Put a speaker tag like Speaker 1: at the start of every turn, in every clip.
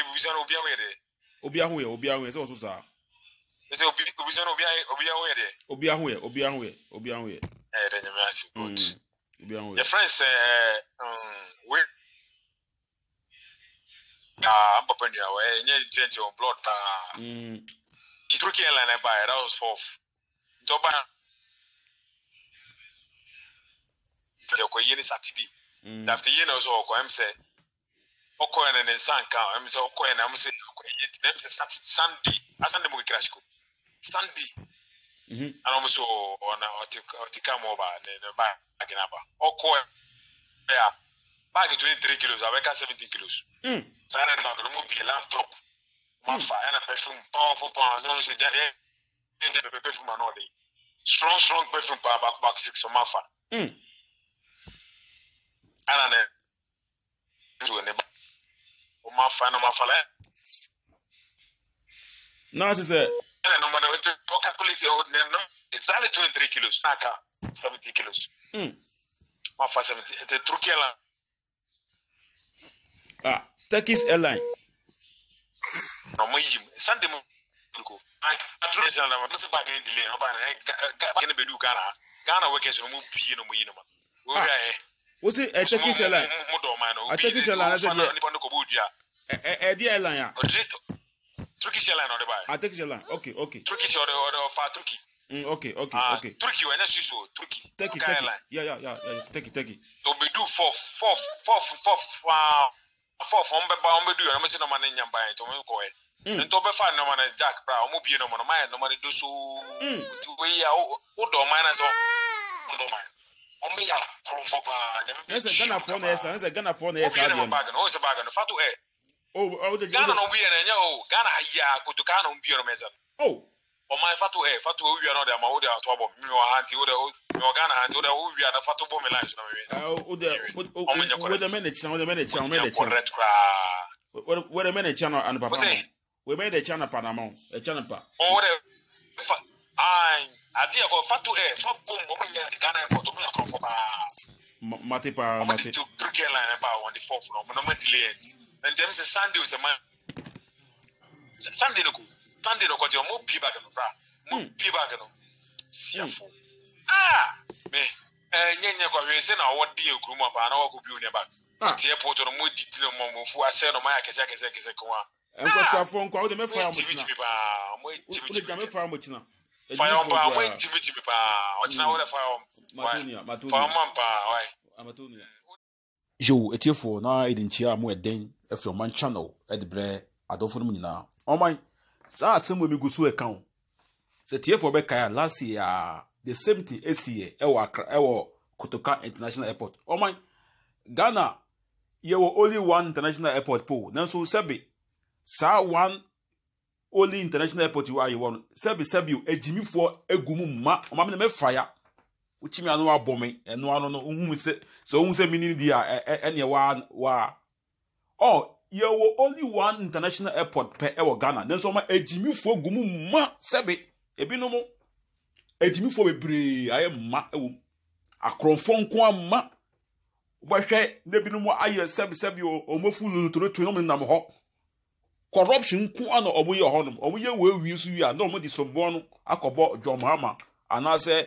Speaker 1: ebubisa no obi ahu yɛ dɛ.
Speaker 2: obi ahu yɛ obi ahu yɛ sɛ ɔso saa.
Speaker 1: ɛsɛ obi ebubisa no obia, ahu yɛ dɛ.
Speaker 2: obi ahu yɛ obi ahu yɛ obi ahu yɛ.
Speaker 1: ɛyɛ dɛ nyame ase
Speaker 2: good. obi ahu yɛ. yɛ
Speaker 1: friend sɛ we. aa n papa nua wɔ ɛ n yɛ nkyɛnkyɛn o blood paa. turkey airline ɛ ba yɛ that was fourth. ntɔba. tɛ kɔ ni saturday. dafite yie na ɔsɔ ɔkɔ ɛm sɛ ɔkɔɛ no ne nsa nka ɛm sɛ ɔkɔɛ na ɛm sɛ ɔkɔɛ yɛ ti na ɛm sɛ sandi asande mu kekra siko sandi ana ɔm so ɔna ɔte ɔte kaa mu ɔba ne ne baagi na ba ɔkɔɛ ɛya baagi twenty three kilos abɛka seventeen kilos
Speaker 2: saa yɛrɛ na ɔmo bi
Speaker 1: laptop ɔmo afa ɛna perfume powerful pound ɔmo sɛ gya yɛ ɛn tɛ pɛpɛ perfume anɔ de strong strong perfume pa back back six ɔmo afa mm. ɛna ne ne ba ma fa na ma fa la. naa sisɛ. ɛnna nɔmɔ na o ti o calculate o hmm. nɛ nɔ exactly twenty three kilos n'a ka seventy kilos. ma fa seventy ɛ tɛ la.
Speaker 2: ah Turkish airline.
Speaker 1: na mo yi san tɛ mo ko a ah, uh, tura sɛnɛ la ma n'o tɛ ba kelen dili yɛrɛ ba kelen ba kelen bɛ di Ghana Ghana wɔ kɛ sɛnɛ mo bi yen nɔ mo yi nɔ ma. o yɛrɛ
Speaker 2: yɛ. o si ɛ Turkish airline.
Speaker 1: mo a Turkish airline a tɛ bilen
Speaker 2: ɛdi airline a. o direct turkish airline ɔdi ba ye. a turkish airline ok ok. turkish ɔdi ɔdi ɔfa turkey. Mm, ok ok. uh, okay.
Speaker 1: Turkey, when I see so, Turkey. Turkey, okay, Turkey.
Speaker 2: Yeah, yeah, yeah, yeah, Turkey, Turkey.
Speaker 1: So we do four, four, four, four, wow, four, four. Um, be, um, be do. I'm missing no money in your bank. Um, go ahead. Mm. Nto be fan no money Jack bra. Um, be no money. My no money do so. Mm. We ya, o do man as o do man. Um, be ya, from for bra.
Speaker 2: Yes, phone. Yes, Ghana phone. Yes, Ghana phone. Yes, Ghana phone. Yes, Ghana phone. Yes, Ghana phone.
Speaker 1: Yes, Ghana phone. Yes, Ghana
Speaker 2: Oh, oh, oh, the, Ghana no
Speaker 1: be and yo Ghana ya ah, kutu Ghana no be on meza. Oh. O my fatu he eh, fatu o wi na ma o de ato abo mi o hanti o de o mi o Ghana hanti o de o wi na fatu bo mi line so na
Speaker 2: me. Oh, o de o de minute na o de minute na o minute. Correct
Speaker 1: kra.
Speaker 2: What what a minute channel and papa. We made a channel panama, a channel pa.
Speaker 1: Oh, the ai adi ko fatu e eh, fa bom o mi Ghana ko to mi ko fo pa.
Speaker 2: Mate pa mate. O mi
Speaker 1: to line pa on the fourth no, no me delay ntɛm sɛ sunday sɛ ma sunday no ko sunday no kɔtɛ ɔmo pie baage no bra mo hmm. pie baage no siafo aa mɛ ɛɛ nye nye kɔhwɛ sɛ na ɔwɔ den ekuru mu a paa na wɔkɔ bi onye baage ah. ɔtɛ ɛpɔtɔ no mo di ti na mo mo fu asɛ eh, ah! na ɔmo ayɛ kɛse kɛse kɛse kɔn a nkɔsiafo
Speaker 2: nkɔ awo de mɛ fa ɔmo kyina ɔmo ye tibi tibi
Speaker 1: paa ɔmo ye tibi
Speaker 2: tibi fa ɔmo kyina fayɔn paa ɔmo ye
Speaker 1: tibi tibi paa ɔkyina wɔlɛ fayɔn
Speaker 2: fayɔn man paa ah, ɔyɛ yow etiefoɔ na ɛde mu eden, mo ɛden ɛfiri ɔman channel ɛde brɛ adɔfo no mu nyinaa ɔman saa asɛm wɔ mi gu so ɛka ho sɛ tiefoɔ bɛkae last year the same thing ɛsi yɛ ɛwɔ e wa kotoka international airport ɔman ghana yɛwɔ only one international airport po nanso sebi, sa one only international airport you ayɛwɔ no sɛbi sɛbi o egyimifoɔ egu mu ma ɔman mi na mɛ o time ano abome ɛno ano no ohun sɛ sɛ ohun sɛ mini di a ɛneɛ waa ɔ yɛwɔ only one international airport pɛ ɛwɔ ghana ne nso ɔma egyimifoɔ gu mu ma sɛbi ebinom egyimifoɔ bebree ayɛ mma ɛwɔ mu akorɔmfoɔ nko ama wɔbɛhwɛ ne binom ayɛ sɛbisɛbi o ɔmofu lolotorotoro ne ɔmo nam hɔ corruption nko ano ɔmo yɛ hɔnom ɔmo yɛ wɔawie so wie a na ɔmo de sɔmbɔn no akɔbɔ john mahama anaasɛ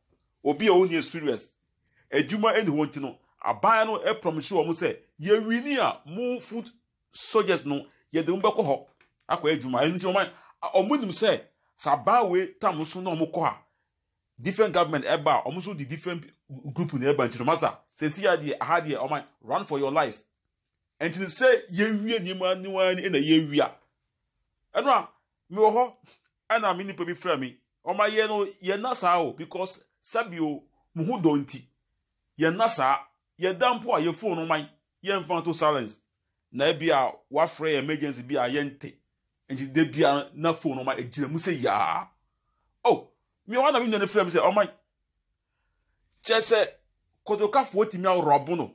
Speaker 2: obi a ɔnni experience adwuma ɛni wɔn ti no aban no ɛpromise wɔn sɛ yɛwi ni a mo food soldiers no yɛde mo bɛkɔ hɔ akɔ adwuma ɛnu ti wɔn ɔmo nim sɛ sɛ aban wei tam so na ɔmo kɔ ha different government ɛba a ɔmo nso di different group na ɛba nkyɛn masa sɛ si adeɛ aha deɛ ɔmo run for your life no sɛ yɛwie nneɛma niwa ni ɛna yɛwia ɛnu a mewɔ hɔ ɛna mi nipa bi fira mi ɔmo ayɛ no yɛn na saa o because sabio mo ho dɔ nti yɛn na saa yɛda mpo a yɛfon no man yɛmfa to silence na ebi a wafrɛ emergency bi a yɛnte nti de a na fon no egyina mu se yaa oh mi wa na mi nua ne fira mi sɛ ɔman kyɛ sɛ kotokafoɔ tumi aworɔ abo no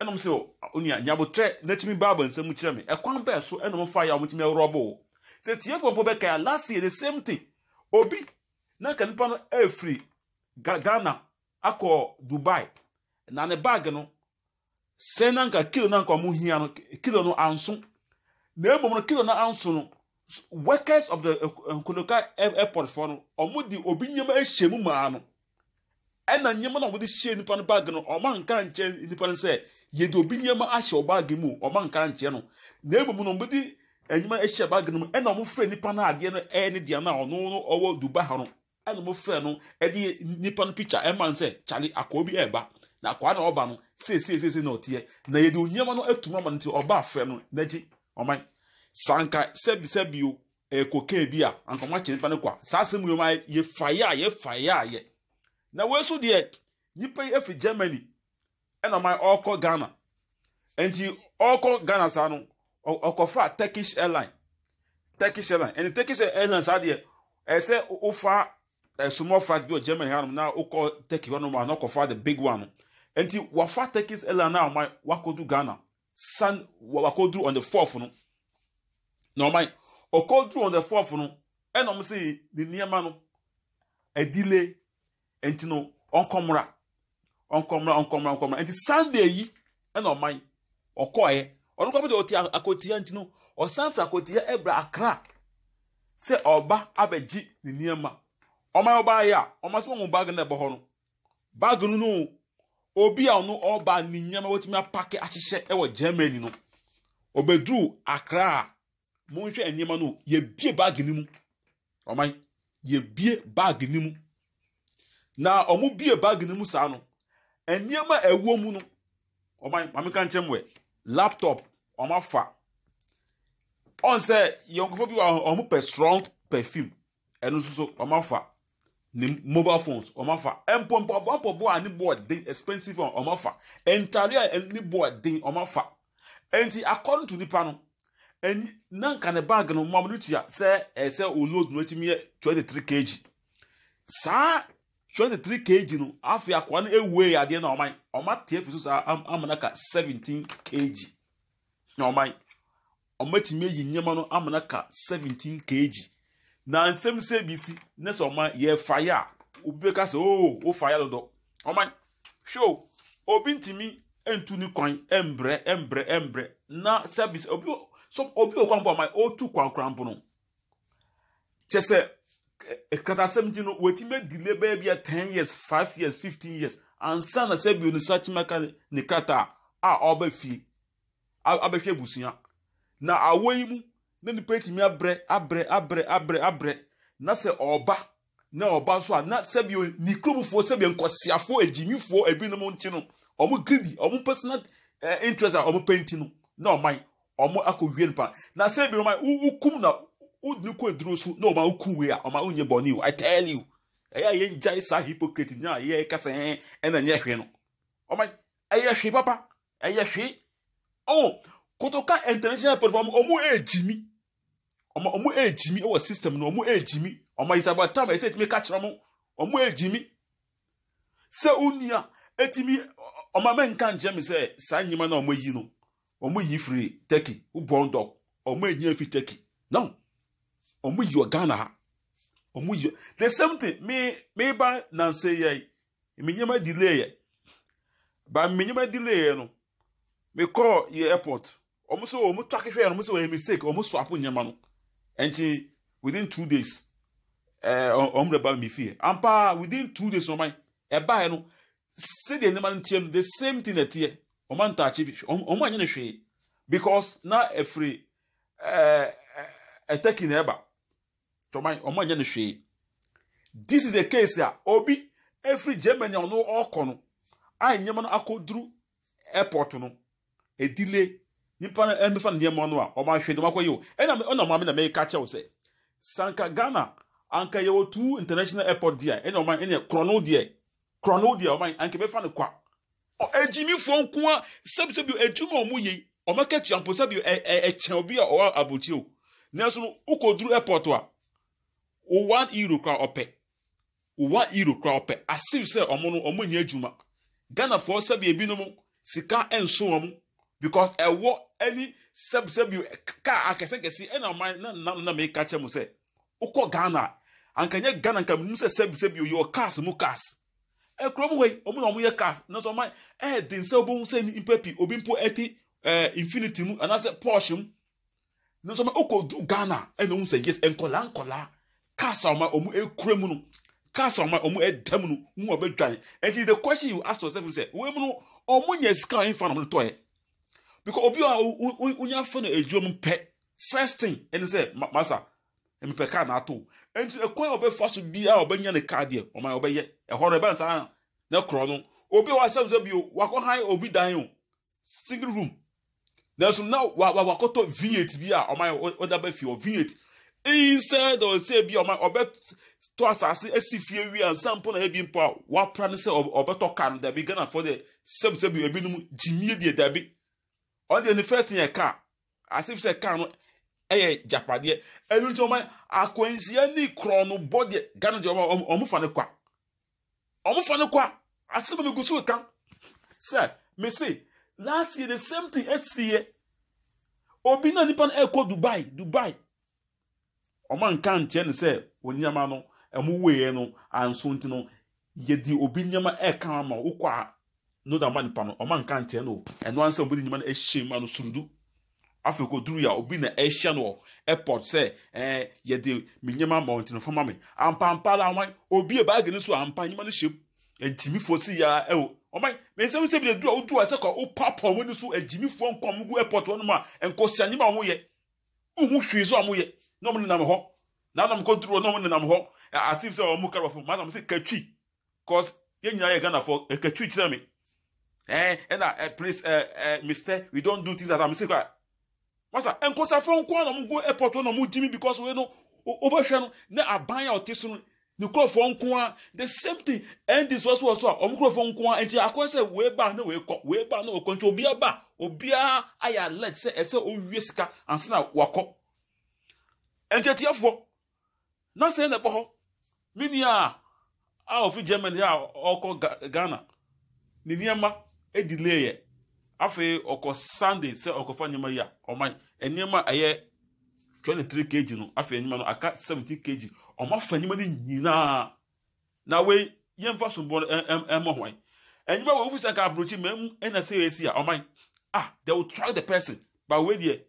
Speaker 2: ɛnum sɛ onua nyabotrɛ n'atumi baaba nsɛm kyerɛ mi ɛkwan bɛɛ so ɛnum fa yɛ a wɔn tumi aworɔ abo o sɛ tiɛfoɔ mpo bɛka yɛ last year the same thing obi na nka nipa no ɛɛfiri e ghana akɔ dubai na ne baage no sɛn na nka kilo na nka ɔmo hia no kilo no anso na emom no kilo no anso no workers of the eh, eh, nkoloka airport fo no ɔmo de obi nneɛma ahyia mu maa no ɛna nneɛma na ɔmo de hyia nipa no baage no ɔmo anka nkyɛn nipa no sɛ yɛde obi nneɛma ahyɛ ɔbaage mu ɔmo anka nkyɛn no na emom no ɔmo de nneɛma ahyia baage no mu ɛna ɔmo fira nipa no adeɛ no ɛyɛ ne deɛ no a ɔno no ɔwɔ dubai ha no ɛna mo frɛ no ɛde nipa no picture ɛma no sɛ kyale akɔɔ bi ɛɛba na akɔɔ na ɔba no seesiesie na ɔteɛ na yɛde nneɛma no atum ama no nti ɔba afrɛ no n'akyi ɔman sanka sɛbisɛbio ɛkokee bi a ankɔma kyɛ nipa no kɔ a saa asɛm yi mu a yɛfa yɛ a yɛfa yɛ a yɛ na wɔn nso deɛ nipa yi efi germany ɛna ɔman ɔrekɔ ghana nti ɔrekɔ ghana saa no ɔkɔfra turkish airline turkish airline ɛni turkish airline saa deɛ ɛsɛ ofa a eh, small flight bi wɔ germany hanom na wokɔ turkey hɔnom a na ɔkɔfa the big one no nti wafa turkeys airline na ɔman wakɔdu ghana san wakɔdu on the fourth no na ɔman ɔkɔdu on the fourth no ɛna ɔmo sɛ ne nneɛma no ɛdile nti no ɔnkɔmra ɔnkɔmra ɔnkɔmra ɔnkɔmra nti sunday yi ɛna ɔman ɔkɔɔɛ ɔno kɔmi de ɔte akotia. nti no ɔsan fi akɔtia ɛbra akra sɛ ɔba abɛgye ne nneɛma ɔma ɔbaa yɛ a ɔma sɛ wɔn baage na ɛbɔ hɔ no baage no no obi a ɔno ɔba ne nneɛma wɔtumi apake ahyehyɛ ɛwɔ germany no ɔbɛduru akra a monhwɛ nneɛma no yɛbie baage no mu ɔman yɛbie baage no mu na ɔmo bie baage no mu saa no nneɛma ɛwɔ mu no ɔman maame ka nkyɛn wɛ laptop ɔmo afa ɔn sɛ yɔnkofo bi wɔ ɔmo strong perfume ɛno nso so ɔmo ne mobile phones ɔmo afa mpɔmpɔ mpɔbɔ a ne board den expensive ɔmo afa ntare a ne board den ɔmo afa nti according to nipa no ɛni nanka ne bag no mmamu ne tua sɛ ɛsɛ eh, o load no etimi yɛ twenty three kg saa twenty three kg no afei akwa no ewu eyi adeɛ na ɔman ɔmo ateɛ fi so saa amanaka seventeen kg na ɔman ɔmo etimi eyi nneɛma no amanaka seventeen kg. na nsɛm sɛ bi si ne sɛ ɔman yɛfa yɛ a obi bɛka sɛ oo oh, wofa yɛ dodo ɔman hwɛ o obi ntumi ntu ne kwan mbrɛ mbrɛ mbrɛ na service obi so obi wɔ kwan bɔ ɔman otu kwan kwan bo no kyɛ sɛ katasɛm ti no wɔtumi adile bɛyɛ bi a ten years five years fifteen years ansa na sɛ bio ne satima ka ne kata a ɔbɛ fie abɛhwɛ abusua na awɔ yi mu na nipa etimi abrɛ abrɛ abrɛ abrɛ abrɛ na sɛ ɔba na ɔba nso a na sɛbi ni kurumufoɔ sɛbi nkɔsiafoɔ egyimifoɔ ebinom nti no ɔmo greedy ɔmo personal ɛɛ eh, interest a ɔmo pɛ nti no na ɔman ɔmo akɔ wie nipa na sɛbi ɔman wukum na wudini kɔ eduro so na ɔman wukum wei a ɔman wunye bɔnni o i tell you ɛyɛ a yɛn gya saa hypocrite nyɛ a yɛ kasa ɛn ɛna nyɛ hwɛ no ɔman ɛyɛ hwɛ papa ɛyɛ hwɛ ɔn oh, kotoka international platform ɔmo ɛɛgyimi ɔmo ɔmo ɛɛgyimi ɛwɔ system no ɔmo ɛɛgyimi ɔmo ayisaba tam ɛsɛ ɛtumi ka kyerɛ ɔmo ɔmo ɛɛgyimi sɛ onua ɛtumi ɔmo amɛ nka nkyɛn se sɛ saa nyima na ɔmo yi no ɔmo yi firi turkey ubɔn dɔg ɔmo ɛyi firi turkey no ɔmo yi wɔ ghana ha ɔmo yi the same thing mi mi ba nanse yɛ mi nyɛma delay yɛ ba mi nyɛma delay yɛ no mi kɔɔ yɛ airport ɔmo so ɔmo tɔ akehwɛ yɛ no ɔmo so ɔyɛ mistake ɔmo so apo nyɛma no nti within two days ɛɛ ɔmo de ba mi fi yɛ ampa within two days ɔman ɛbaa yɛ no sɛdeɛ nneɛma no teɛ no the same thing na teɛ ɔmo ntaakye bi ɔmo anyɛ no hwee because na efiri ɛɛ eh, ɛtɛki eh, na ɛba tɔman ɔmo anyɛ no hwee this is the case a obi efiri germany a ɔno ɔkɔ no a nneɛma no akɔ duru airport no edile nipa no ɛmefa eh, ne nneɛma no a ɔma ahwɛ de ɔmakɔyɛ o ɛna ɔna maame na mɛka kyɛw sɛ sanka ghana anka yɛwɔ two international airport deɛ ɛna ɔman ɛna korɔno deɛ korɔno deɛ ɔman anka bɛfa no kwa agyimifoɔ nko a sɛbisɛbi adwuma a ɔmo yɛ ɔmɛka tua mpo sɛbi ɛkyɛn obi a ɔwɔ abotire o nanso no wokɔduru airport a o one euro kora ɔpɛ o one euro kora ɔpɛ asiw sɛ ɔmo no ɔmo nyɛ adwuma ghanafoɔ sɛbi ebinom sika ɛnso wɔn because ɛwɔ ɛni sɛbisɛbi kaa akɛse kɛse ɛna ɔman na na na mɛ ka kyɛ mu sɛ wokɔ ghana ankanyɛ ghana nka mu sɛ sɛbisɛbi oyɛ cars mu cars ɛkurom hɔ yi ɔmo na ɔmo yɛ cars na so ɔman ɛyɛ den sɛ obo sɛ nipa pi obi mpo ɛti ɛɛ infinity mu anaasɛ porsche mu na so ɔman okɔ du ghana ɛna ɔmo sɛ yes nkɔla nkɔla cars a ɔmo ɔmo ekura mu no cars a ɔmo ɔmo ɛda mu no mu ɔbɛ dwan and the question you ask yourself is sɛ wɔn mu no ɔmo nyɛ sika a ɔmo because obi a wonya fɛ no adwuma mpɛ first thing ɛne sɛ masa mpɛ kaa na ato nti ɛkwan a ɔbɛfa so bi a ɔbɛnya ne kaa deɛ ɔman ɔbɛyɛ ɛhɔ no ɛbɛn saa ne korɔ no obi a wasɛm sɛ bio wakɔhan obi dan o single room nanso na wa wa wakɔtɔ v8 bi a ɔman ɔda bɛ fie o v8 instead of say bi ɔman ɔbɛ tɔ asase esi fie wi ansa mpo na ebi mpo a wapra ne sɛ ɔbɛtɔ kaa no dabi ghana fɔ de sɛm sɛ bi ebinom gyimie deɛ dabi ɔde ne first yɛ kaa asif sɛ kaa no ɛyɛ japadeɛ ɛnu nti ɔmo akwanhyia ne korɔ no bɔ deɛ ghana deɛ ɔmo ɔmo fa ne kwa ɔmo fa ne kwa asem mi gu so kan sɛ me se last year the same thing ɛsi yɛ obi na nipa no ɛkɔ dubai dubai ɔmo anka nkyɛn ne sɛ wɔn nneɛma no ɛmo wɔ yɛ no anso nti no yɛdi obi nneɛma ɛka ama wokɔ a no da mba nipa no ɔma nka nkyɛn no ɛno ansa obi ne nyima no ahyia mu ano surudu afei kɔ duru a obi na ahyia no wɔ airport sɛ ɛɛ eh, yɛde me nyɛma ma ɔnti no fama mi ampampa la ɔman obi a baagi eh, oh, oh, no so ampa nyima no hyɛ mu ntimifoɔ si ya ɛwɔ ɔman mɛnsɛm sɛ bi de duru a oduru a sɛ kɔ opa pɔn mu no so ntimifoɔ nkɔm gu airport hɔ nom a nkɔsia nyima a wɔn yɛ nhu hwee so a wɔn yɛ na wɔn nenam hɔ na wɔn kɔ duru hɔ na wɔn nenam hɔ asif sɛ wɔn mu karo fam maa na wɔn sɛ katwi cause yɛn nyinaa yɛ ghana fɔ e katwi kyerɛ mi eh, and uh, eh, eh, please, uh, uh, mister, we don't do things that are mistake. Master, and cause I found one of go airport one of them Jimmy because we know over channel, then I buy out this one. nkurɔfoɔ nko a the same thing ndc wɔso wɔ so a wɔn nkurɔfoɔ nko a nti akɔ sɛ weeba na weekɔ weeba na weekɔ nti obi aba obiara ayɛ alert sɛ ɛsɛ owie sika ansa na wakɔ nkyɛntiafoɔ na sɛ na ɛbɔ hɔ minia a ofi germany a ɔkɔ ghana ne nneɛma delay yɛ afei ɔkɔ sande sɛ ɔkɔfa nneɛma yi a ɔman nneɛma ɛyɛ twenty three kg no afei nneɛma no aka seventeen kg ɔma fa nneɛma no nyinaa na wei yɛmfa so no ɛm ɛmɔ hwan nneɛma wɔ ofi sɛ nka aburokyi mɛm ɛna e sɛ yɛsi a ɔman ah they will try the person but wei deɛ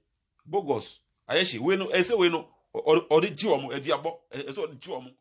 Speaker 2: bogus ayɛ hye wei no ɛsɛ e wei no ɔde ɔde gye wɔn aduabɔ ɛsɛ ɔde gye wɔn.